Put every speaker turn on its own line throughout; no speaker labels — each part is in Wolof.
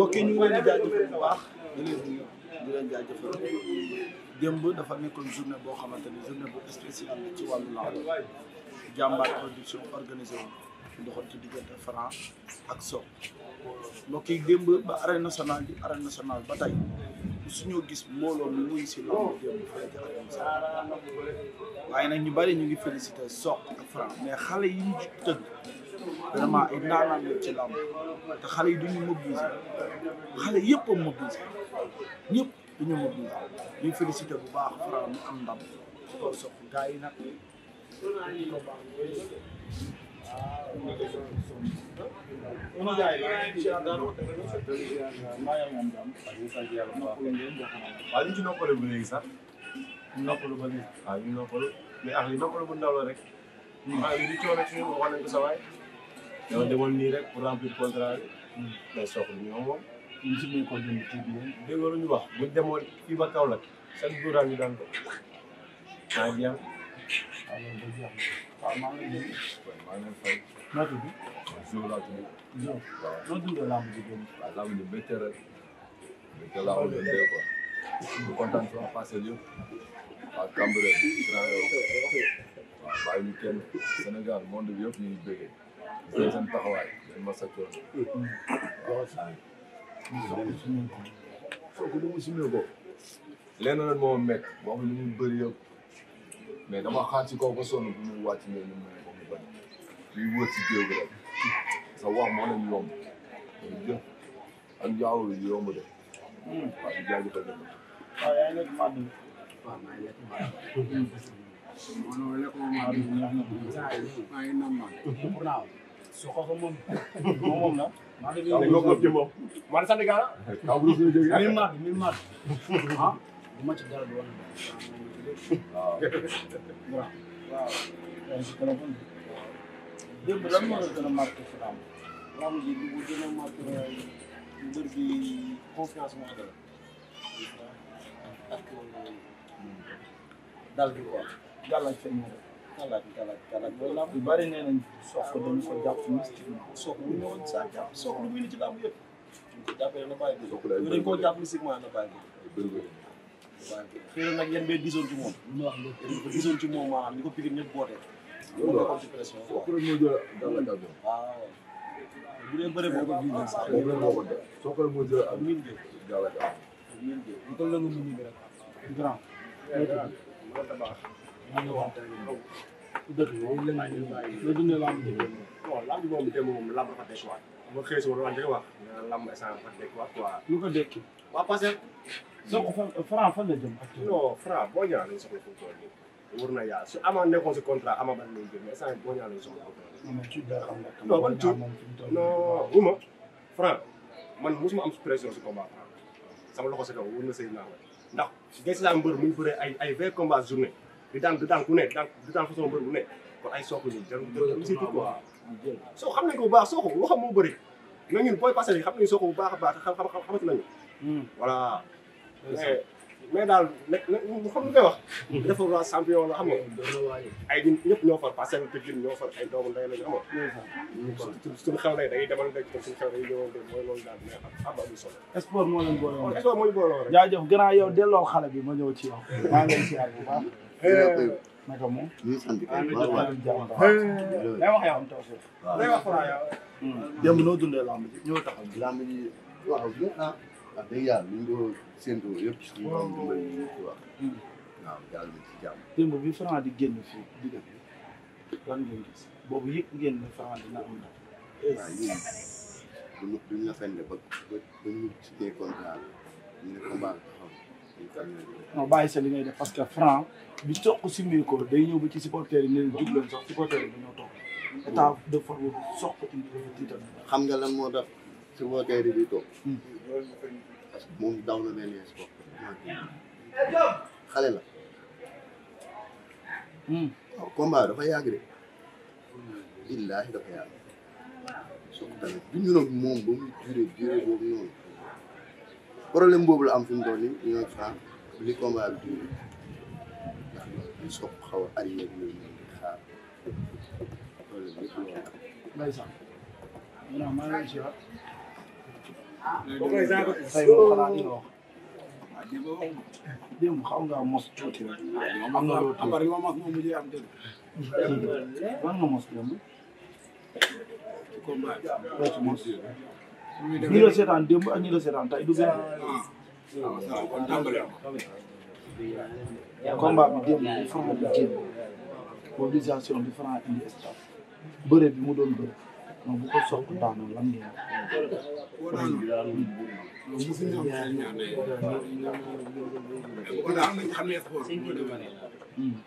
mbokk yi ñu ngi leen di
jaajëfal bu baax jëmb dafa nekkoon journée boo xamante ne journée bu spéciale ci wàllu làmb jàmbaar production organisé wu doxoon ci diggante Franc ak Sokh mbokk yi ba arène national bi arène national ba tey suñoo gis mbooloo mi muy si làmb démb fële ci arène nationale waaye nag ñu bari ñu ngi félicité Sokh ak Franc mais xale yi ñu ci vraiment ay ndaanaan la ci làmb te xale yi duñu mobilisé xale yëpp a mobilisé ñëpp duñu mobilisé ñu félicité bu baax Fra mu am ndam ci kaw soq gars yi nag waaw ñu ci noppalu bu léegi sax noppalu ba léegi waaw ñu noppalu mais ak ah, li noppalu bu ndaw la rek waaw li di coono ci ñun waxoon nañ ko sa waay yow demoon nii rek pour remplir contrat bi. mais soxla ñoom moom. ñu si muy continué tuuti moom. dégg lu ñu wax bu ñu demoon fii ba Kaolack chaque jour daal ñu daan ko. maa ngi ah, waaw maa ngi lay maa ngi fay. noo tudd. Zou laa tudd. Zou waaw noo tudd laa mujj déglu. waaw laa mujj béykat rek. béykat laa mujj déglu quoi. bu kontaan si waa Parcelles yëpp. waa Cambérène. Grand Yoff. waaw bàyyi ñu kenn Sénégal monde bi yëpp ñu ngi béykat. seen taxawaay seen masa coono waaw sook lu mu simee ko lenn nag moo mekk wax lu mu bëri yëpp mais dama xaar ci kaw ba sonn bu mu wàcc ne ñu mën ko mu bañ ñuy wër si géew bi rek sa wax moo leen yomb ñu jëf ak jaaw yi yomb de waaw di jaajëfal na waaw yaa ngi nekk waaw maa ngi lekk maa ngi lekk maa ngi lekk maa ngi su xooxam moom moom la. maa ngi lay nuyu moom. maa ngi sant gàllankoor. taw bi ñu jógee mille maat mille maat. ah bu ma ci dara du woon. waaw. waaw. démb lan moo gën a marqué si làmb. làmb ji li mu gën a marqué mbër bi confiance moo gën a. ak daal di ko wax. galag galag galag loolu làmb yu bëri nee nañ soxla dañu ko jàpp mystiquement soxla wu ñu woon saa jàpp soxla bu ñu ci ñu ko jàppee na bàyyi bëri dañ koo jàpp mystiquement na bàyyi bëri xëy na nag yan bee disoon ci moom ñu ko disoon ci moom maanaam ñu ko piqué ñëpp bootee loolu la bu dee bëri boobu ko def soo ko moo jël ak min ñu toll la nga mu ñu dëgg moom la ñu la dundee lamb ji waaw lamb moom de moom lamb dafa dekk waat ma xëy si ma doon wax lamb instant dafa dekk waat quoi lu ko dekki waaw parce que soo ko Franc fan la jëm ak non Franc boo ñaa lañ soxla foofu tool yi wër na yàlla su amaa nekkoon si contrat amaa ban lay jëm mais instant boo ñaa lañ soxla foofu non man tuut non uma Franc man mosuma am pression si combat sama loxo si kaw wër na say naa ndax gis naa mbër muy bëree ay ay vingt combat journée di daan di daan ku ne daan di daan façon mbër bu ne kon ay soxla ñu jarul jarul si quoi soo xam nañ ko bu baax soo ko waxam moo bëri mais ñun booy passé yi xam nañu soo ko bu baax a baax xam xam xamati nañu hmm. voilà mais mais daal nekk na xam lu koy wax dafa waa champion la xam nga hmm. ay ñun ñëpp ñoo far passé te gën ñoo far ay doomu ndey lañu xam nga hmm. suñu xel day day demal ndey suñu xel day ñëwoon mooy loolu daal mais am na solo sport moo leen boole woon sport moo ñu boole woon rek jaajëf grand yow delloo xale bi ma ñëw ci yow maa ngi lay siyaar bu baax naka moom. ñu ngi sant kay waaw waaw. day wax yow am taw si. waaw day wax Fra yow. démb noo dundee lamb ji ñëw taxaw. lamb ji waaw bien
ah. wax dëgg yàlla
ñu ngi ko séntu yëpp suñu borom dimbali ñu ci wax. waaw yàlla na ci jàmm. démb bi Fra di génn fii di def lan ngeen gis boobu yëpp ngeen ne Fra dina am ndax. waaw ñun
duñu duñu la fenn ba ba ba ñu signé contrat ñu ne combat taxaw.
non bàyyi sa li ngay def parce que franc bi soq simil ko day ñëw ba ci supporters yi ne leen sax
supporters yi dañoo toog état
de forme soq indi xam
nga lan moo def supporters yi di toog hmm. parce que moom daw na benn sport xale la waaw hmm. oh, dafa yàgg de billaahi dafa yàgg soq tamit bi ñu nag moom ba mu duré duré boobu noonu problème boobu la am fi mu toll nii ñoom Franc soog xaw a arrivé ak yooyu noonu xaar problème
yëpp
la war a nga mos nga mos ñi la seetaan démb ak ñi la seetaan tey du benn ah. combat bi démb bi Franc bi jéem mobilisation bi Franc indi staff bëre bi mu doon bëre moom bu ko soog daanoon lan ngeen def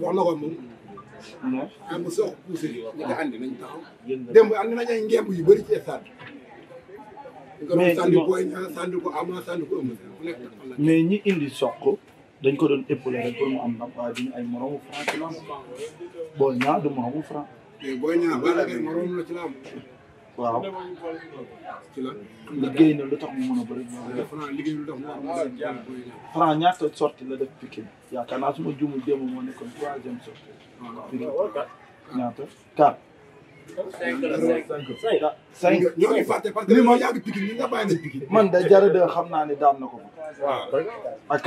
wax na ko moom. am na soo ko poussé ñi nañ taxaw. démb andi nañ yu bëri ci stade bi. mais sànni ko ñaa ko ama sànni ko ñi indi soq. dañ ko doon épaulé rek pour am ndam waaye duñu ay moromu franc ci lamb booy ñaa du moromu franc. mais booy ñaa bala waaw liggéey na lu tax mu mën a bëri. Franc ñaata sorti la def Pikine yaakaar naa su ma juumul démb moo nekkoon troisième sorti. ñaata quatre.
cinq ñu koy parce que li ma yàgg
Pikine li nga bàyyi man da jar xam naa ne daan na ko. waaw ak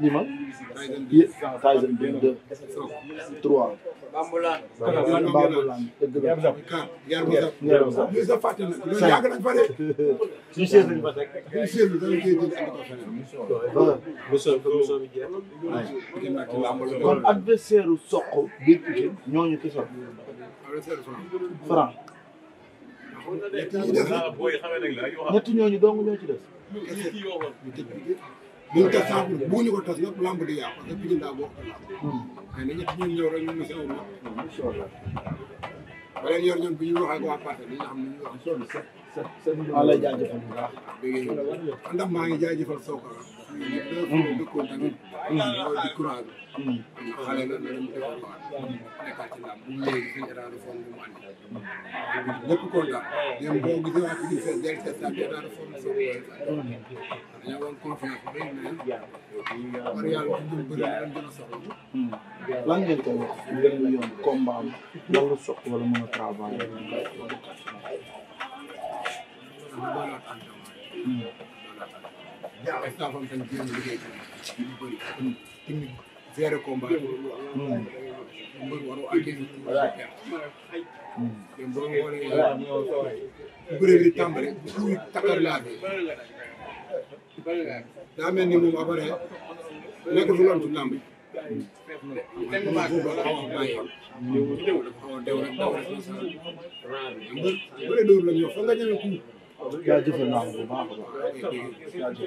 limal Tyson 2 3 Bambulaan Bambulaan dëgg la Guerre Moussa Guerre fàtte na loolu yàgg nañ fa de suñu chaise lañ fa teg suñu chaise bi dañ koy jël andi ko kon adversaire u soq biir Pikine ñooñu ki soq Franc ñett ñooñu dong ñoo ci des
buñ tas sax buñu
ko tas lépp lamb di yàqu parce que Pikine daa bokk lamb. ñu ngi si aw ma. wala bi ñu wax ak waa parti bi nga xam ne ñu wax. waaw lay jaajëfal bu baax. ndax maa ngi jaajëfal Sokala. ñu ngi loolu di courage bi. xale la la dem développement nekkaat ci laam bu mu ñëwee suñu état de forme bu mu andi. lépp kontaan. même boo gisee waa Pikine Fest del seet ak état de forme soo ko wér. dañoo am confiance bu rëy mais war yàlla bu ñu bëri dañ gën a soxla. lan ngeen koy wax ngeen ñu yomb combat am lan la soq wala mën a travailler. yaa ngi taxaw tamit jéem a liggéey ci lu bëri comme technique gérer combat. mbër waroo ak kenn ku boo xoolee bëre bi tàmbali kuy takkal laa bi daa mel ni moom ba pare nekk lu am ci làmb ji. man bu baax a xaw a bàyyi xaw a dew rek daw rek. bëre dóor la ñu wax fa nga ñëwee jaajëfal naa bu baax a baax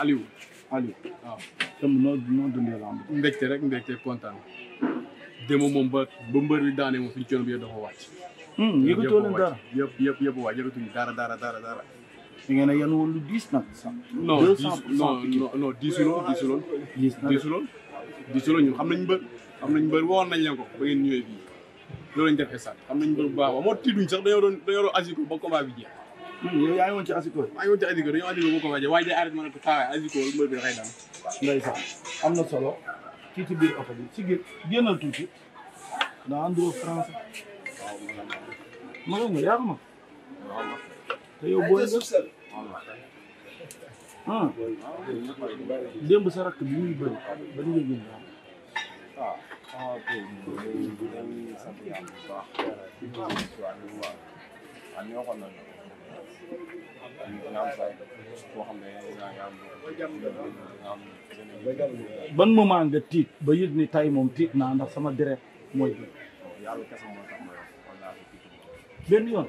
Aliou Aliou waaw tam noo noo dundee lamb mbégte rek mbégte kontaan démo moom ba ba mbër bi daane moom suñu coono bi yëpp dafa wàcc yëgatoo leen dara yëpp yëpp yëpp wàcc yëgatuñu dara dara dara dara da a yan woon lu diis nag non non non diisu loon diisu loon diisu loon diisu loon xam nañ mbër xam nañ mbër woon nañ leen ko ba ngeen ñëwee fii loolu lañ def stade xam nañ bu baax moo tiituñ sax dañoo doon dañoo doon asiko ba combat bi jeex. Hmm, yow yaa ngi woon ci asiko yi. maa ngi woon ci asiko dañoo asiko ba combat jeex waaye day arrêté ma ne ko taawaay asiko mbër bi dafay daan. ndeysaan am na solo ci ci biir oto bi ci biir génnal tuuti daa àndoo français. waaw ma yaa ma. te yow booy nga. Hmm. démb sa rakk bi muy bëri ba ñu ngi waaw. ah ñu sant yàlla bu baax di nuyu waaw ban moment tiit ba ni tay moom tiit naa ndax sama deret mooy bi yoon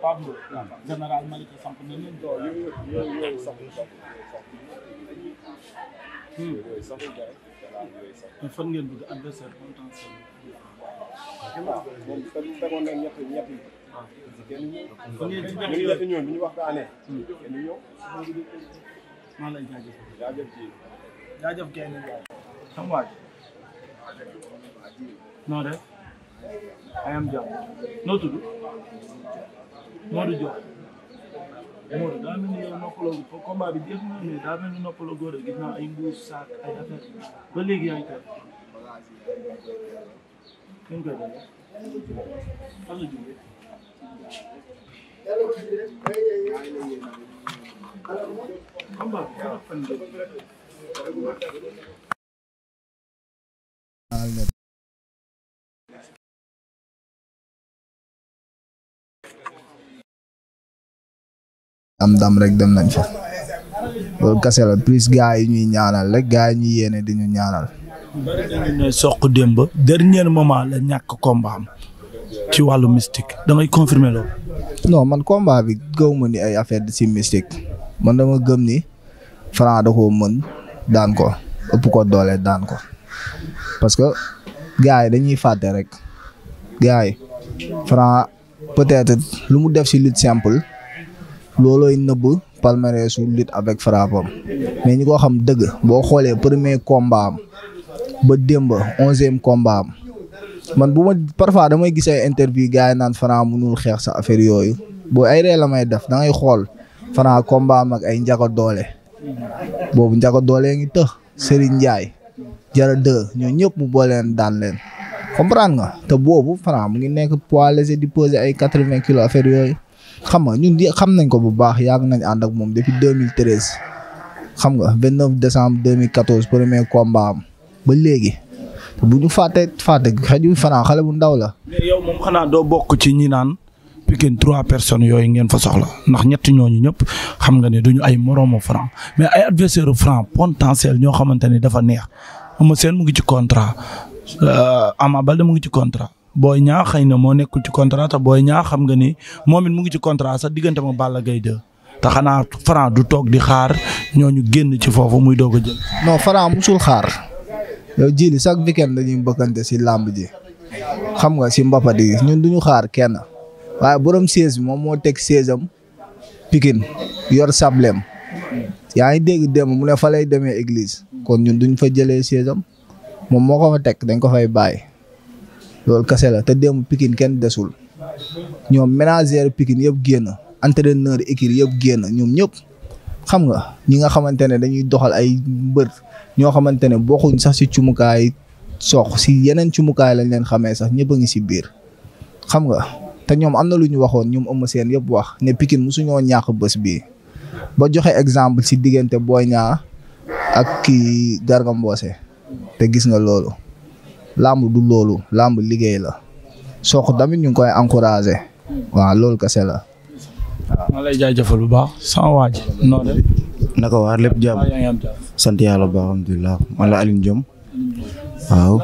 Pape Ndoye général Malika samp na leen. yooyu sax fan ngeen bëgg adversaire potentiel. moom tegoon nañ ñett ñett yi. kenn ñoom bi ñu waxtaanee. Hmm. kenn ñëw. maa lay jaajëfal. jaajëf ji. jaajëf kenn. sama waaj. noo def. ayam jàmm noo tudd. Modou Diop Modou daa mel ni yow noppaloo ko combat bi jeex na mais daa mel ni noppaloo góor gis naa ay mbuus saak ay affaire ba léegi yaa ngi koy ñu koy defee fan la jógee. combat bi fan la jógee.
am ndam rek dem nañ fa loolu kase yi ñuy ñaanal rek gars yi ñuy yéene soq démb dernier moment la ñàkk combat ci wàllu mystique da ngay confirmer man combat bi gëw ni ay affaire de si mystique man dama gëm ni Franc da koo mën daan ko ëpp ko doole daan ko parce que gars yi dañuy fàtte rek gars yi Franc peut-être lu mu def si lutte simple. loolooy nëbb palmarès su lutte avec frappe am mais ñi ko xam dëgg boo xoolee premier kombaam ba démb onzième combat man bu ma parfois damay gis ay interview gars yi naan Franc mënul xeex sa affaire yooyu boo ay la may def da xool Franc combat ak ay njaga doole boobu njaga doole ngi tëx Serigne Ndiaye jara dë ñoo ñëpp mu booleen daan leen comprendre nga te boobu Franc mu ngi nekk poids léger di peser ay quatre-vingts kilo affaire yooyu xam nga ñun xam nañ ko bu baax yàgg nañ ànd ak moom depuis 2013 xam nga 29 décembre 2014 premier combat am ba léegi bu ñu fàtte fàtte xëju fanaan xale bu ndaw la.
mais yow moom xanaa doo bokk ci ñi naan
Pikine trois personnes
yooyu ngeen fa soxla ndax ñetti ñooñu ñëpp xam nga ne duñu ay moroomu fran mais ay adversaire franc potentiel ñoo xamante ne dafa neex Eumeu seen mu ngi ci contrat euh, Ama Baldé mu ngi ci contrat. Boy Niang xëy na moo nekkul ci contrat booy Boy xam nga ni moom it mu ngi ci contrat sax diggante ma Balla Gaye 2 te xanaa Franc du toog di xaar ñooñu génn ci foofu
muy doog a jël. non Franc musul xaar yow jii li chaque weekend dañuy bëkkante si làmb ji xam nga si mbappa di ñun duñu xaar kenn waaye borom siège moom moo teg siège am yor sablem yaa ngi dégg démb mu ne fa lay demee église kon ñun duñ fa jëlee siège moom moo ko fa teg dañ ko fay bàyyi. loolu kase la te démb Pikine kenn desul ñoom ménagère Pikine yëpp génn entraîneur équipe yëpp génn ñoom ñëpp xam nga ñi nga xamante ne dañuy doxal ay mbër ñoo xamante ne bokkuñ sax si cumukaay sox si yeneen cumukaay lañ leen xamee sax ñëpp a ngi si biir xam nga te ñoom am na lu ñu waxoon ñoom ëmm seen yëpp wax ne Pikine mosuñoo ñàkk bés bii ba joxe exemple si diggante booy ñaar ak kii Garga te gis nga loolu làmb du loolu làmb liggéey la soq tamit ñu koy encouragé waaw loolu kese la
waaw. maa jaajëfal bu baax sama waa ji
waar lépp
jàmm
sant yàlla bu baax alhamdulilah man la Alioune Diom waaw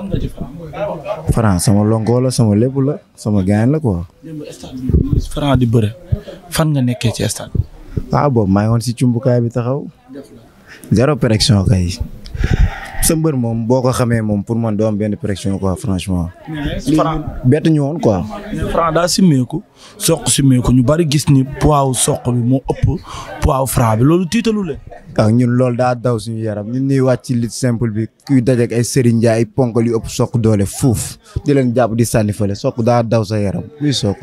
sama lonko la sama lépp la sama gaañ la quoi. Franc di bëre fan nga nekkee ci stade. ah boobu maa ngi woon si cumbukaay bi taxaw. zéro pression kay. sa moom boo ko xamee moom pour man doom am benn pression quoi franchement. franc bett ñu woon quoi. franc daa simmeeku soq simmeeku ñu bari gis ni poids soq bi moo ëpp poids franc bi loolu tiitalu leen. ak ah, ñun loolu daa daw suñu yaram ñun ñuy wàcc ci lit simple bi kuy dajeeg ay Serigne Ndiaye ay ponkal yu ëpp soq doole fuuf di leen jàpp di sànni fële soq daa daw sa yaram muy soq.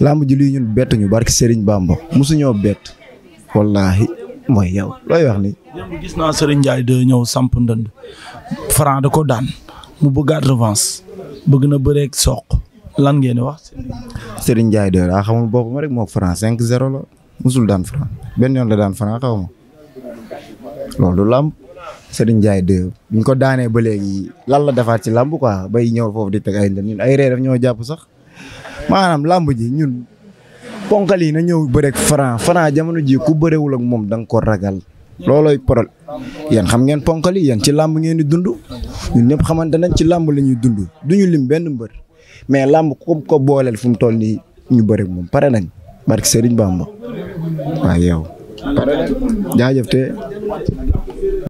lamb ji lii ñun bett ñu barki Serigne Bamba mosu ñoo bett wallaahi. mooy yow looy wax ni. démb
gis naa Serigne Ndiaye de ñëw samp ndënd Franc ko daan mu bëggaat revanche bëgg na bëreeg soq lan ngeen wax.
Serigne Ndiaye de daa xamul boppam rek moog Franc 5-0 la musul daan Franc benn yoon la daan Franc xaw ma loolu làmb Serigne Ndiaye de ko daanee ba léegi lan la defaat ci làmb quoi bay ñëw foofu di teg ay ndënd ñun ay ree daf ñoo jàpp sax maanaam làmb ji ñun. ponkal yi na ñëw bëreeg Franc Franc jamono ji ku bërewul ak moom da nga ko ragal loolooy problème yéen xam ngeen ponkal yi yéen ci làmb ngeen di dund ñun ñëpp xamante nañ ci làmb la ñuy dund duñu lim benn mbër mais làmb ku ko booleel fu mu toll nii ñu bëreeg moom pare nañ barke Serigne Bamba waaw yow.
pare jaajëf